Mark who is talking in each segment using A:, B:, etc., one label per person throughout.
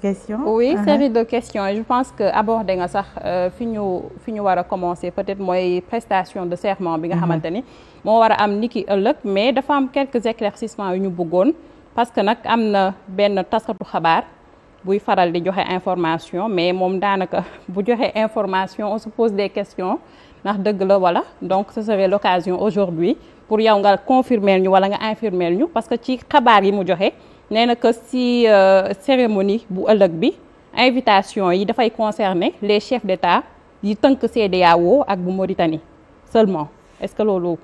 A: Question. oui uh-huh. série de question je pense que abordé nga sax euh, fi ñu fi ñu war a commencer peut-être mooy prestation de serment bi nga uh-huh. xamante ni moo war a am ni ki ëllëg mais dafa am quelques éclaircissements yu ñu bëggoon parce que nag am na benn taskatu xabaar buy faral di joxe information mais moom daanaka bu joxe information on se pose des questions ndax dëgg la wala donc ce serait l'occasion aujourd'hui pour yow nga confirmer ñu wala nga infirmer ñu parce que ci xabaar yi mu joxe nee na que si euh, cérémonie bu ëllëg bi invitation yi dafay concerner les chefs d'État yi tënk CEDEAO ak bu Mauritanie seulement est-ce que loolu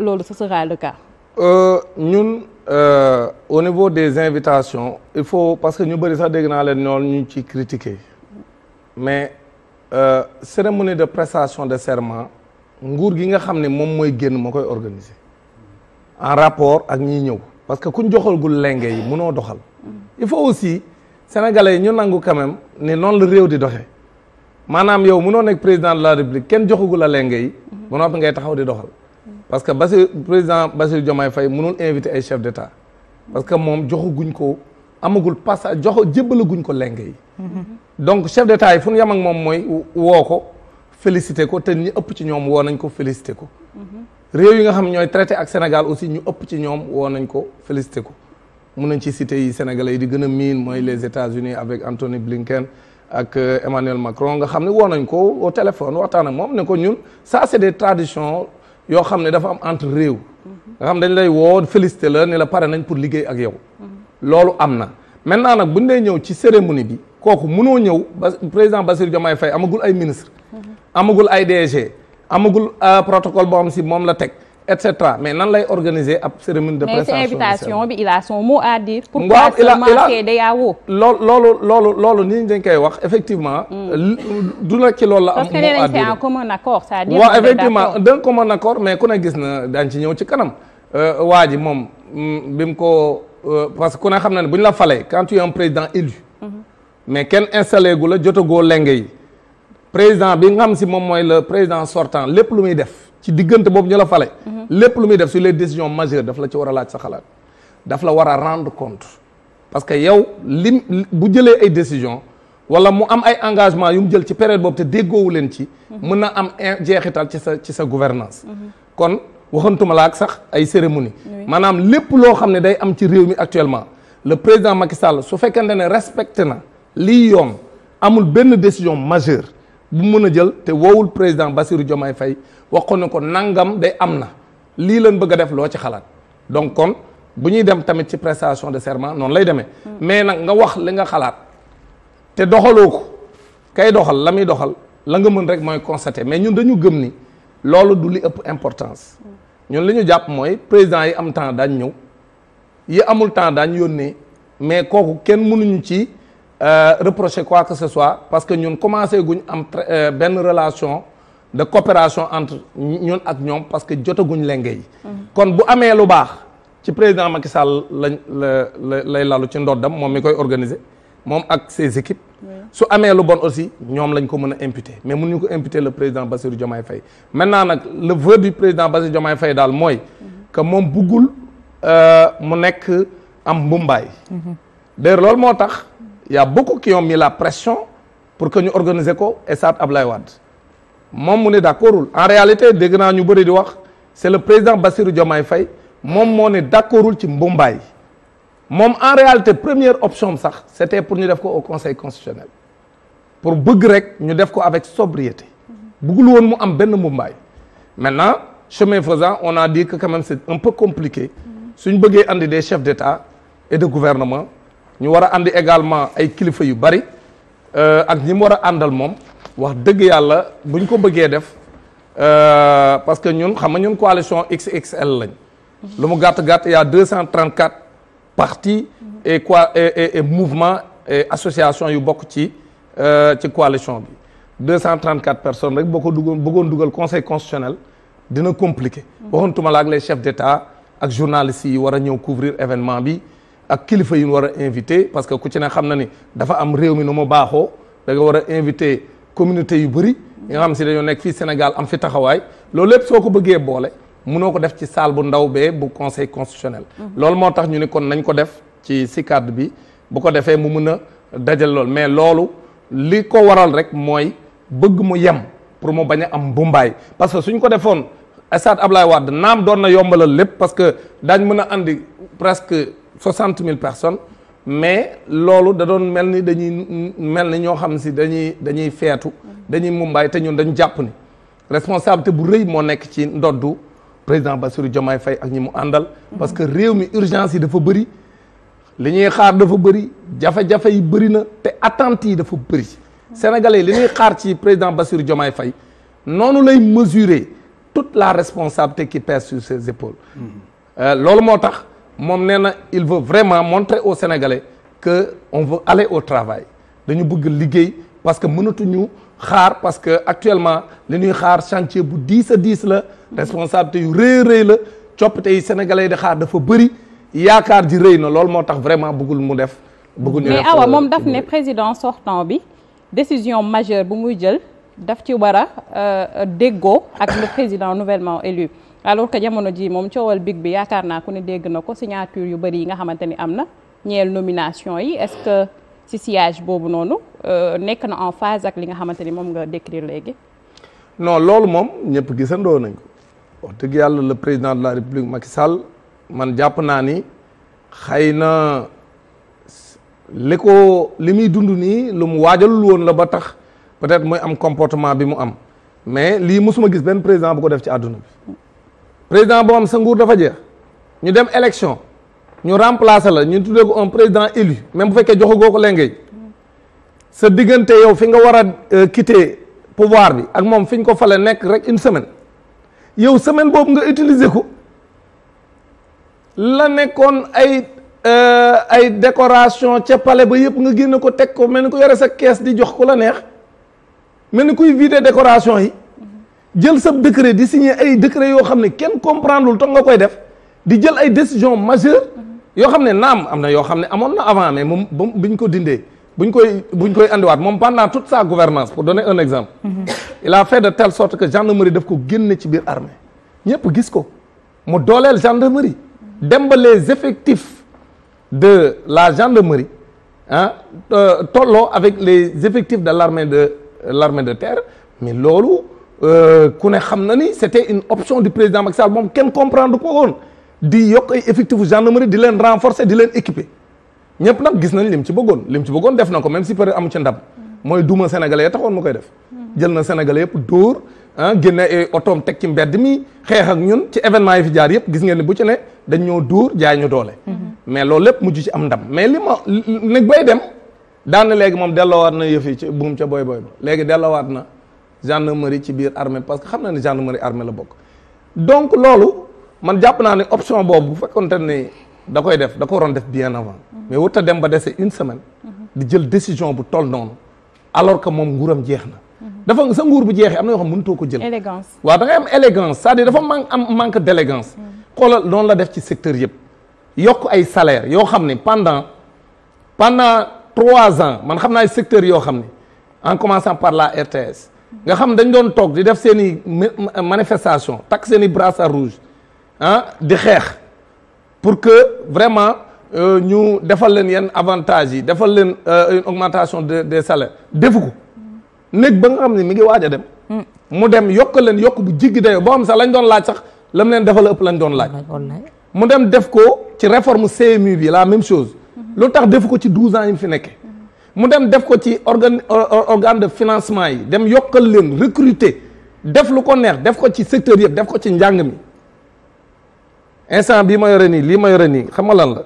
A: loolu ce sera le cas.
B: Euh, ñun euh, au niveau des invitations il faut parce que ñu bëri sax dégg naa leen ñoom ñu ci critiquer mais euh, cérémonie de prestation de serment nguur gi nga xam ne moom mooy génn moo koy organiser en rapport ak ñiy ñëw. parce que kuñ joxagul lenge yi munoo doxal. il faut aussi sénégalais yi ñu nangu quand même ne noonu la réew di doxe maanaam yow munoo nekk président de la république kenn joxagul la lenge yi. ba noppi ngay taxaw di doxal. parce que Bassirou président Bassirou Diomaye Faye munul invité ay chef d' état parce que moom joxaguñ ko amagul passage joxo jébbalaguñ ko lenge yi. donc chef d' état yi fu ñu yem ak moom mooy woo ko félicité ko te ñi ëpp ci ñoom woo nañ ko félicité ko. réew yi nga xam ñooy traité ak Sénégal aussi ñu ëpp ci ñoom woo nañ ko félicité ko mun nañ ci cité yi sénégalais yi di gën a miin mooy les États-Unis avec Anthony Blinken ak euh, Emmanuel Macron nga xam ne woo nañ ko au téléphone waxtaan ak moom ne ko ñun ça c'est des traditions yoo xam ne dafa am entre réew. nga xam dañ lay woo félicité la ne la pare nañ pour liggéey ak yow. loolu am na maintenant nag buñ dee ñëw ci cérémonie bi kooku munoo ñëw ba président Bassirou Diomaye Faye amagul ay ministre amagul ay DG. amagul euh, protocole boo xam si moom la teg et cetera mais nan lay organiser ab cérémonie de prestation
A: bi il a son mot à dire. pour de yaawoo.
B: loolu loolu loolu loolu ni ñu dañ koy wax effectivement. Hmm. du na ci lool la am. mot à dire parce que c'est un
A: commun accord c'est-à-dire waaw effectivement
B: d'un commun accord mais ku ne gis na daañu ci ñëw ci kanam. Euh, waa ji moom hmm, bi ko euh, parce que ku ne xam na ne buñ la falee quand tu es un président élu. Hmm. mais kenn installé gu la jotagoo lenge yi. président bi nga xam si moom mooy la président sortant lépp lu muy def ci diggante boobu ñu la fale lépp lu muy def sur les décisions majeures daf la ci war a laaj sa xalaat daf la war a rendre compte parce que yow lim bu jëlee ay décisions wala mu am ay engagements yu mu jël ci période boobu te déggoowu leen ci mën na am jeexital ci sa ci sa gouvernance kon waxantuma la ak sax ay cérémonie maanaam lépp loo xam ne day am ci réew mi actuellement le président Macky Sall su fekkente ne respecté na lii yoon amul benn décision majeure bu mën a jël te wowul président Bassirou Diomaye fay waxoon na ko nangam day am na lii leen bëgg a def loo ci xalaat donc kon bu ñuy dem tamit ci prestation de serment noonu lay demee. Hmm. mais nag nga wax li nga xalaat te doxaloo ko kay doxal la muy doxal la nga mën rek mooy constater mais ñun dañu gëm ni loolu du li ëpp importance. Hmm. ñun li ñu jàpp mooy président yi am temps daañ ñëw yi amul temps daañ yónnee mais kooku kenn mënuñu ci. Euh, reprocher quoi que ce soit parce que ñun commencé guñ am euh, benn relation de coopération entre ñun ak ñoom parce que jotaguñ lenge yi mhm. kon bu amee lu baax ci président Macky Sall lañ la lay lalu ci ndoddam moom mi koy organiser moom ak ses équipes su amee lu bon aussi ñoom lañ ko mën a imputer mais mun ñu ko imputer le président Bassirou Diomaye Faye maintenant nag le vœu du président Bassirou Diomaye fay daal mooy mhm. que moom buggul euh, mu nekk am mbumbaay mhm. d'ailleurs loolu moo tax y a beaucoup qui ont mis la pression pour que ñu organiser ko stade Ablaye Wade moom mu ne d'accordul en réalité dégg naa ñu bëri di wax c'est le président Bassirou Diomaye Faye moom moo ne d'accordul ci mbumbaay moom en réalité première option sax c'était pour ñu def ko au conseil constitutionnel pour bëgg rek ñu def ko avec sobriété bëggul woon mu am benn mbumbaay maintenant chemin faisant on a di que quand même c'est un peu compliqué suñ bëggee andi des chefs d'État ñu war a àndi également ay kilifa yu bari euh, ak ñi mu war a àndal moom wax dëgg yàlla bu buñ ko bëggee def euh, parce que ñun xam nga ñun coalition XXL lañ. lu mu gàtt gàtt y a 234 partis et quoi et et mouvement et association yu bokk ci euh, ci coalition bi 234 personnes rek boo ko duggoon bëggoon dugal conseil constitutionnel dina compliqué. waxoon tuma la ak les chefs d' état ak journalistes yi war a ñëw couvrir événement bi. ak kilifa yi ñu war a invité parce que ku ci ne xam na ni dafa am réew mi nu mu baaxoo da war a invité communauté yu bëri yi nga xam si dañoo nekk fii Sénégal am fi taxawaay loolu lépp soo ko bëggee boole munoo ko def ci salle bu ndaw bee bu conseil constitutionnel. Mhm. loolu moo tax ñu ni kon nañ ko def ci CICAD bi bu ko defee mu mën a dajal lool mais loolu li ko waral rek mooy bëgg mu yem pour mu bañ a am mbumbaay parce que suñ ko defoon. stade Ablaye Wade naam doon na yombalal lépp parce que daañ mën a andi presque soixante mille personnes mais loolu da doon mel ni dañuy mel ni ñoo xam si dañuy dañuy feetu dañuy mumbaay te ñun dañu jàpp ni responsabilité bu rëy moo nekk ci ndoddu président Bassirou Diomaye fay ak ñi mu àndal parce que réew mi urgence yi dafa bëri li ñuy xaar dafa bëri jafe-jafe yi bëri na te attentes yi dafa bëri yi li ñuy xaar ci président bassir Diomaye Faye noonu tout la responsabilité qui pèse sur ses épaules. Euh, loolu moo tax moom nee na il veut vraiment montrer au Sénégalais que on veut aller au travail dañu bëgg liggéey parce que ñu xaar parce que actuellement li ñuy xaar chantier bu diis a diis la responsabilité yu rëy rëy la coppite yi sénégalais di xaar dafa bëri yaakaar ji rëy na loolu moo tax vraiment bëggul mu def. bëggul ñu def mais awa euh, moom daf ne
A: président sortant bi décision majeure bu muy jël. daf ci war a euh, euh, déggoo ak le président nouvellement élu alors que jamono ji moom coowal big bi yaakaar naa ku ne dégg na ko signature yu bëri yi nga xamante ni am na ñeel nomination yi est-ce que ci siège boobu noonu euh, nekk na en phase ak li nga xamante ni moom nga décrire léegi.
B: non loolu moom ñëpp gisandoo nañ ko wax dëgg yàlla le président de la république Macky Sall man jàpp naa ni xëy na li ko li muy dund nii lu mu waajalul woon la ba tax. peut-être mooy am comportement bi mu am mais lii mosuma gis benn président bu ko def ci àdduna bi président boo am sa nguur dafa jeex ñu dem élection ñu remplacer la ñu tuddee ko un président élu même bu fekkee joxagoo ko lengee sa diggante yow fi nga war a euh, quitter pouvoir bi ak moom fi ñu ko fale nekk rek une semaine yow semaine boobu nga utiliser ko la nekkoon ay euh, ay décoration ca palais ba yëpp nga génne ko teg ko mel ni ko yore sa kees di jox ko la neex mel ni kuy vider décoration yi jël sab décret di signer ay décret yoo xam ne kenn comprendre lul tax nga koy def di jël ay décision majeure yoo xam ne naam am na yoo xam ne amoon na avant mais moom ba biñ ko dindee buñ koy buñ koy andiwaat moom pendant toute sa gouvernance pour donner un exemple mhm. il a fait de telle sorte que gendarmerie daf ko génne ci biir armée ñëpp gis ko mu dooleel gendarmerie dem ba les effectifs de la gendarmerie ah tolloo avec les effectifs de l'armée de l'armée de terre mais loolu euh, ku ne xam na ni c'était une option du président Macky Sall moom kenn comprendre ko woon di yokk ay effectifs gendarmerie di leen renforcer di leen équiper ñëpp nag gis nañ lim ci bëggoon lim ci bëggoon def na ko même si peut amu ci ndam mooy duma sénégalais taxoon mu koy def jël na sénégalais yëpp dóor ah, génne ay teg ci mbedd mi xeex ñun ci événement yi fi jaar yëpp gis ngeen ni bu ci ne dañ ñoo dóor jaay ñu doole mm-hmm. mais loolu daan na léegi moom delloowaat na yëf yi ci buum ca boy boy ba léegi delloowaat na gendarmerie ci biir armée parce que xam na ne gendarmerie armée la bokk donc loolu man jàpp naa ne option boobu bu fekkonte ne da koy def da ko waroon def bien avant mais wut dem ba dese une semaine di jël décision bu toll noonu alors que moom nguuram jeex na dafa sa nguur bu jeexee am na yoo xam mënutoo ko jël élégance waaw da ngay am élégance sa à dafa man am manque d'élégance xoolal noonu la def ci secteur yëpp yokk ay salaire yoo xam ne pendant trois ans man xam naa secteur yoo xam ne en commençant par la RTS nga xam dañ doon toog di def seeni manifestation takk seen i brassard rouge ah di xeex pour que vraiment euh, ñu defal leen yenn avantages yi defal leen euh, une augmentation de des salaires defu ko néeg ba nga xam ne mi ngi waaj a dem hmm. mu dem yokk leen yokk bu jiggi dayo boo xam sax lañ doon laaj sax lam leen defal ëpp lañ doon laaj mu dem def ko ci réforme CMU bi la même chose lu tax defu ko ci 12 ans yi mu fi nekkee. mu dem def ko ci organ organe de financement yi dem yokkal leen recruter def lu ko neex def ko ci secteur yëpp def ko ci njàng mi instant bii ma yore nii lii ma yore nii xam nga lan la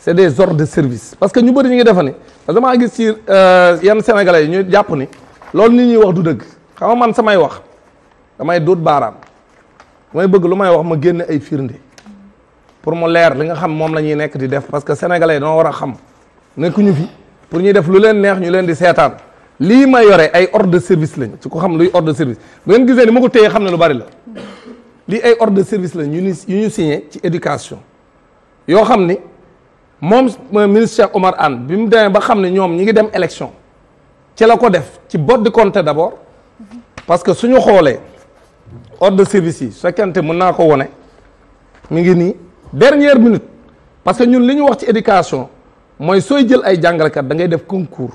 B: c'est des ordres de service parce que ñu bëri ñu ngi defa ni parce que maa gis ci euh, yenn sénégalais yi ñu jàpp ni loolu nit ñuy wax du dëgg xam man samay wax damay dóot baaraam damay bëgg lu may wax ma génn ay firnde. pour mu leer li nga xam moom la ñuy nekk di def parce que sénégalais dañoo war a xam nekkuñu fi pour ñuy def lu leen neex ñu leen di seetaan lii ma yore ay ordre de service lañ su ko xam luy ordre de service bu ngeen gisee ni ma ko téye xam ne lu bari la lii ay ordre de service lañ yu ñu yu ñu signé ci éducation yoo xam ni moom ministre Cheikh Omar Anne bi mu demee ba xam ne ñoom ñu ngi dem élection ci la ko def ci bopp di compter d'abord parce que suñu xoolee ordre de service yi su fekkente mën naa ko wone dernière minute parce que ñun li ñu wax ci éducation mooy sooy jël ay jàngalekat da ngay def concours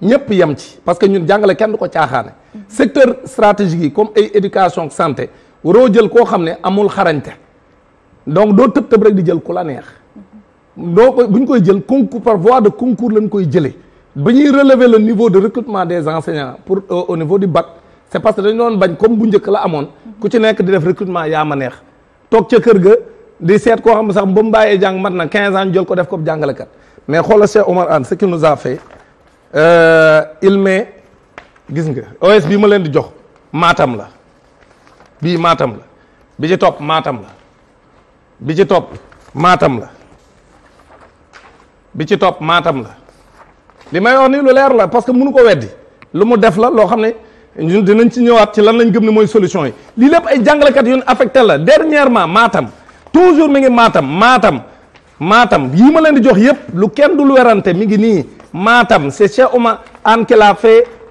B: ñëpp yem ci parce que ñun jàngale kenn du ko caaxaane secteur stratégique yi comme ay éducation santé waroo jël koo xam ne amul xarañte donc doo tëb tëb rek di jël ku la neex doo ko bu ñu koy jël concours par voie de concours lañ koy jëlee bu ñuy relever le niveau de recrutement des enseignants pour euh, au niveau du bac c'est parce que dañu doon bañ comme bu njëkk la amoon ku ci nekk di def recrutement yaa ma neex toog ca kër ga. di seet koo xam ne sax ba mu bàyyee jàng mat na 15 ans jol ko def ko jàngalekat mais xoolal Cheikh Omar Anne ce qu'il nous a fait euh, il gis nga OS bii ma leen di jox maatam la bii maatam bi ci topp maatam la bi ci topp maatam la bi ci topp maatam la li may wax nii lu leer la parce que munu ko weddi lu mu def la loo xam ne ñun dinañ ci ñëwaat ci lan lañ gëm ne mooy solution yi lii lépp ay jàngalekat yu affecte la dernièrement maatam. toujours mi ngi maatam maatam maatam yii ma leen di jox yëpp lu kenn du lu werante mi ngi nii maatam c' est Cheikh Oumar Anne qui l'a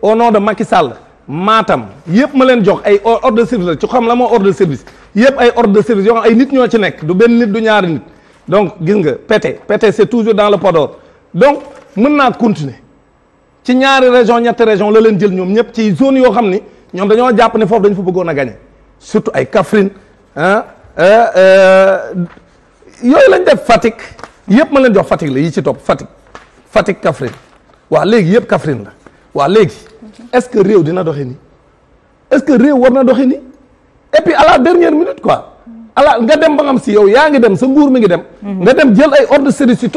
B: au nom de Macky Sall maatam yëpp ma leen jox ay ordre service la ci xam la moo ordre service yëpp ay ordre de service yoo xam ay nit ñoo ci nekk du benn nit du ñaari nit donc gis nga pété pété c' toujours dans le Podor donc mën naa continuer ci ñaari région ñetti région la leen jël ñoom ñëpp ci zone yoo xam ni ñoom dañoo jàpp ne foofu dañu fa bëggoon a gagné surtout ay Kaffrine ah Euh, euh, yooyu lañ def Fatick yëpp ma leen jox Fatick la yi ci topp Fatick Fatick Kaffrine waa léegi yëpp Kaffrine la waa léegi est-ce que réew dina doxe ni est que réew war na doxe ni et puis à la dernière minute quoi ala nga dem ba si yow yaa ngi dem sa nguur mi ngi dem mhm. nga dem jël ay ordre de service yu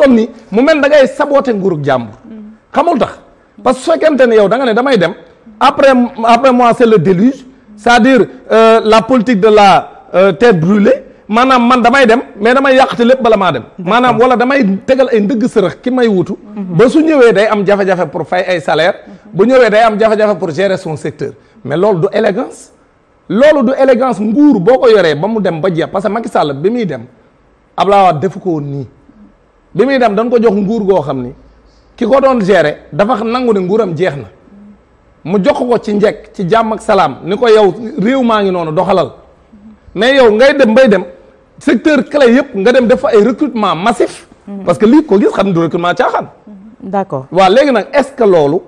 B: mu mel da ngay saboté nguurug jàmbur mhm. xamul tax parce que su fekkente ne yow da nga ne damay dem après après moi c'est le déluge cest dire euh, la politique de la Euh, tête brûlée maanaam man damay dem mais damay yàqate lépp bala maa dem maanaam wala damay tegal ay ndëgg sërëx ki may wutu mhm. ba su ñëwee day am jafe-jafe pour fay ay salaire mhm. bu ñëwee day am jafe-jafe pour gérer son secteur mais loolu du élégance loolu du élégance nguur boo ko yoree ba mu dem ba jeex parce que Macky Sall bi muy dem Abdoulaye Wade defu ko woon nii bi muy dem dañ ko jox nguur goo xam ni ki ko doon gere dafa nangu ne nguuram jeex na mu jox ko ci njekk ci jàmm salaam ni ko yow réew maa ngi noonu doxalal mais yow ngay dem bay dem secteur clé yëpp nga dem def fa ay recrutement massif parce que lii ko gis xam ne du recrutement caaxaan waa waaw léegi nag est-ce que loolu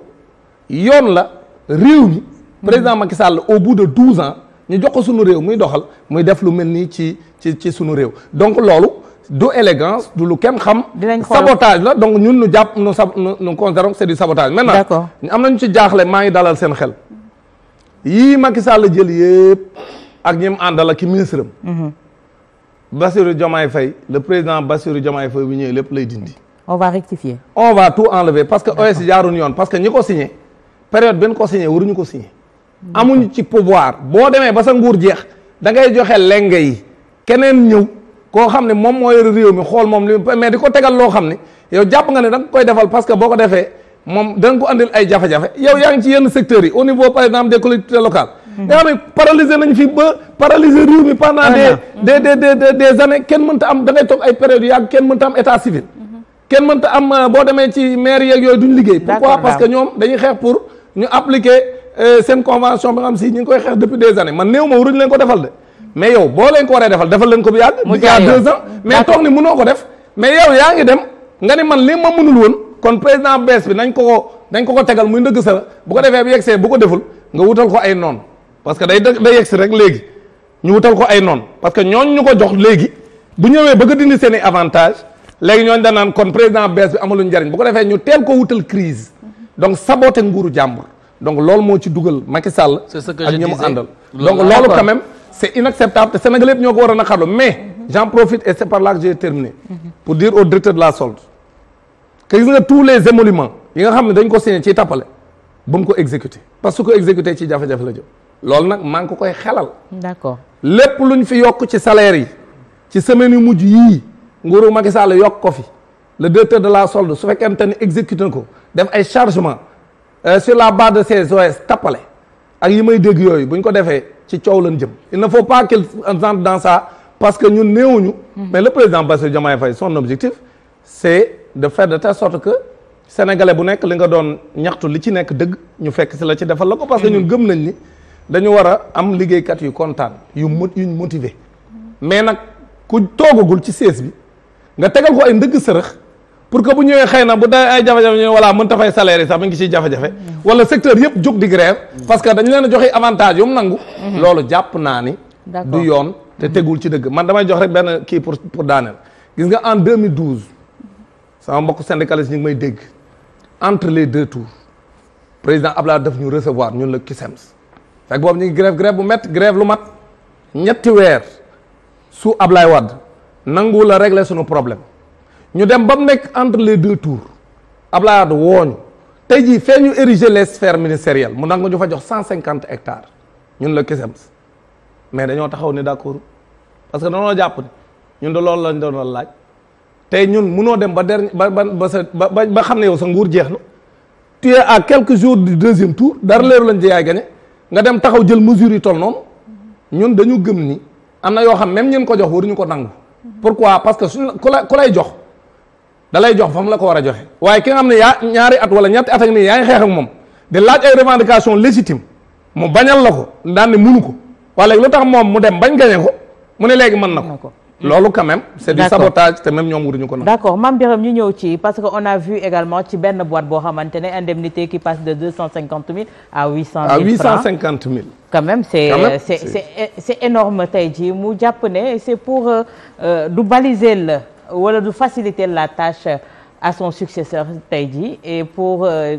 B: yoon la réew mi président Macky Sall au bout de douze ans ñu jox ko sunu réew muy doxal muy def lu mel nii ci ci ci sunu réew donc loolu du élégance du lu kenn xam sabotage la donc ñun nu jàpp nu sab nu considérons c'est du sabotage maintenant ñu am nañu ci jaaxle maa ngi dalal seen xel yii Macky Sall jël yëpp ak ñi ànd àndal ak ki ministre am. Mhm. Bassirou Diomaye Faye le président Bassirou Diomaye Faye bu ñëwee lépp lay dindi. on va rectifier. on va tout enlever parce que OS jaarun yoon parce que ñi ko signé période benn ko signé waruñu ko signé. amuñu ci pouvoir boo demee ba sa nguur jeex da ngay joxe lenge yi keneen ñëw koo xam ne moom moo yor réew mi xool moom mais di ko tegal loo xam ne yow jàpp nga ne da koy defal parce que boo ko defee moom da nga ko andil ay jafe-jafe yow yaa nga xam nañ fi ba paralysé réew mi pendant de des des des années kenn mënta am da ngay toog ay période yàgg kenn mënta am état civil mhm. kenn mënta am euh, boo demee ci maire yeeg yooyu duñ liggéey pourquoi parce que ñoom dañuy xeex pour ñu appliquer euh, seen convention bi nga xam si ñu ngi koy xeex depuis des années man néew ma waruñ leen ko defal de mais yow boo leen ko waree defal defal leen ko bu yàgg il y a deux ans mais toog ni mënoo ko def mais yow yaa ngi dem nga ni man li ma mënul woon kon président bees bi nañ ko ko ko ko tegal muy ndëgg sa bu ko defee bu yegsee bu ko deful nga wutal ko ay noonu parce que day day yegsi rek léegi ñu wutal ko ay noonu parce que ñooñ ñu ko jox léegi bu ñëwee bëgg a dindi seen i avantage léegi ñooñ danaan kon président bees bi amaluñ njariñ bu ko defee ñu teel ko wutal crise donc saboté nguuru jàmbur donc loolu moo ci dugal Macky Sall ak ñi mu àndal donc loolu quand même c'est inacceptable te Sénégalais ñoo ko war a naqarlu mais j'en profite et c'est par là que j'ai terminé pour dire au directeur la solde que nga tous les émoluments yi nga xam ne dañ ko signé ci tappale ko exécuté parce que ko ci jafe la jëm loolu nag maa ngi ko koy xelal. d'accord lépp luñ fi yokk ci salaire yi ci semaine yu mujj yii nguuru Macky Sall yokk ko fi le directeur de la solde su fekkente ni exécuté na ko def ay chargement euh, sur la base de ces OS tappale ak yi may dégg yooyu bu ñu ko defee ci coow lañ jëm il ne faut pas dans ça parce que ñun néewuñu hmm. mais le président Bassirou Diomaye Faye son objectif c'est de faire de telle sorte que sénégalais bu nekk li nga doon ñaxtu li ci nekk dëgg ñu fekk si la ci defal la ko parce que ñun hmm. gëm nañ ni dañu war a am liggéeykat yu kontaan yu mot yuñ motivé mais nag ku toogagul ci sees bi nga tegal ko ay ndëgg sërëx pour que bu ñëwee xëy na bu day ay jafe-jafe ñu voilà mën ta fay salaire sax mi ngi ciy jafe-jafe wala secteur yëpp jug di grève parce que dañu leen a joxe avantage yu mu nangu mhm. loolu jàpp naa ni du yoon te mhm. tegul ci dëgg man damay jox rek benn kii pour pour daaneel gis nga en 2012 sama mbokk syndicaliste ñu ngi may dégg entre les deux tours président Abdoulaye daf ñu recevoir ñun la CUSEMS fekk boobu ñu ngi grève bu métti grève lu mat ñetti weer su Ablaye wadd nangu la régler suñu problème ñu dem ba mu nekk entre les deux tours Ablaye Wade wooñu tey jii fee ñu ériger les sphères ministérielles mu nangu ñu fa jox cent cinquante hectares ñun la Kisums mais dañoo taxaw ni d'accord parce que dañoo jàpp ni ñun de loolu lañ doon laaj tey ñun munoo dem ba der ba ba sa ba ba xam ne yow sa nguur jeex na tu es à quelques jours du deuxième tour dara leeru lañ ci yaay nga dem taxaw jël mesure yi toll noonu ñun dañu gëm ni am na yoo xam même ñeen ko jox waruñu ko nangu. pourquoi parce que suñ ku la ku lay jox dalay jox fa mu la ko war a joxe waaye ki am xam yaa ñaari at wala ñetti at nii yaa ngi xeex ak moom di laaj ay revendication légitime mu bañal la ko daan ne munu ko waaye léegi lu tax moom mu dem bañ gañe ko mu ne léegi mën na ko. Mm. loolu quand même c'est du sabotage te même ñoom waruñu ko nag
A: d'accord Mame ñu ñëw ci parce que on a vu également ci benn boîte boo xamante ne indemnité qui passe de deux cent cinquante mille à huit cent mille à huit cent cinquante
B: mille quand même c'est
A: énorme tey jii mu jàpp ne c'est pour euh, euh, du baliser la wala du faciliter la tâche à son successeur tey jii et pour euh,